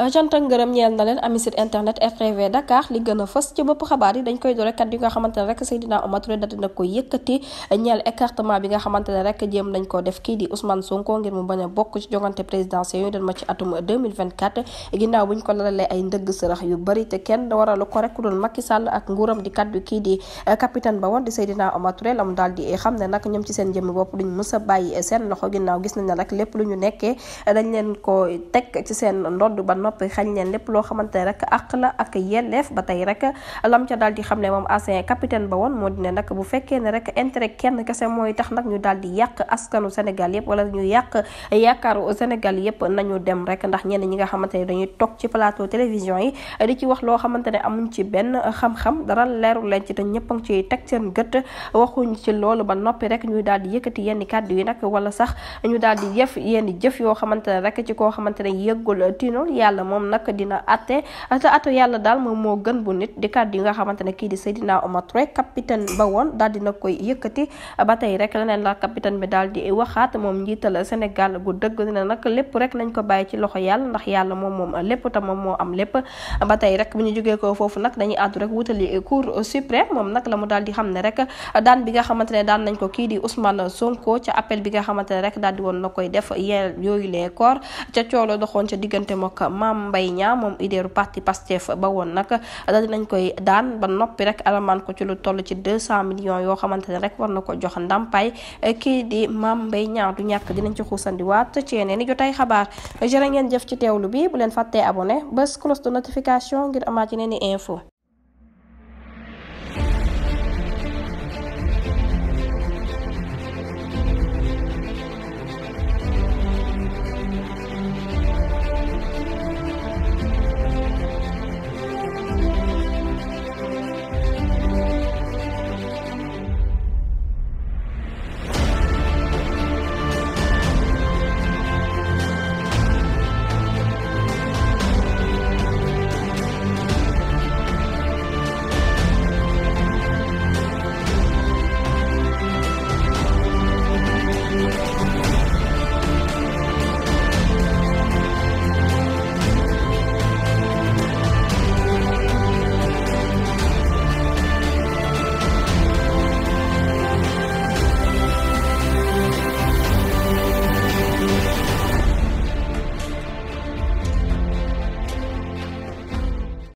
Euh, jant ak ngërëm ñeel na leen ami site a fës ci bopp xabaar yi koo def kii di Ousmane Sonko ngir mu bañ a bokk ci jongante présidentielle yooyu dañ ma ci atum 2024 ginnaaw buñ ko lalalee ay ndëgg sërax yu bëri te euh, capitaine ba woon di Seydina Omar Touré la xam ne nag ñoom ci seen jëmmi bopp duñ mës a bàyyi seen loxo ginnaaw gis ne rek lépp lu ñu nekkee dañ leen ko teg ci seen ndodd ba noppi xañ leen loo xamante ne rek àq la ak di xam ne moom ancien capitaine ba moo di ne nag bu fekkee ne rek intérêt kenn kese mooy tax nag ñu daal di yàq askanu Sénégal yëpp wala ñu yàq yaakaaru Sénégal yëpp nañu dem rek ndax ñenn ñi nga xamante ne dañuy toog ci plateau télévision yi di ci wax loo xamante ne amuñ ci benn xam-xam dara leeru leen ci te ñëpp a ngi ciy teg seen gët waxuñ ci loolu ba noppi rek ñu daal di yëkkati yenn kàddu yi nag wala sax ñu daal di yëf yenn jëf yoo xamante ne ci koo xamante ne yëggul tinul yàlla yàlla moom nag dina atte te yàlla daal moom moo gën bu nit di kàddu yi nga xamante kii di Seydina Omar Touré capitaine ba woon daal dina koy yëkkati ba tey rek bi daal di waxaat moom njiital Sénégal gu dëgg dina nag lépp rek nañ ko bàyyi ci loxo yàlla ndax yàlla moom moom lépp te moom moo am lépp ba tey rek bu ñu jógee ko foofu nag dañuy àddu rek wutali cour suprême moom nag la mu daal di xam ne rek daan bi nga xamante ne daan nañ ko kii di Ousmane Sonko ca appel bi nga xamante ne rek daal di woon na koy def yooyu les maam mbay ñaam moom idéeru parti Pastef ba woon nag daal dinañ koy daan ba noppi rek alamaan ko ci lu toll ci deux cent millions yoo xamante ne rek war na ko jox ndàmpaay kii di maam mbay Niang du ñàkk dinañ ci xuusandiwaat ci yeneen i jotaay xabaar jërë ngeen jëf ci teewlu bi bu leen fàttee abonné bés cloche de notification ngir amaat yeneen i info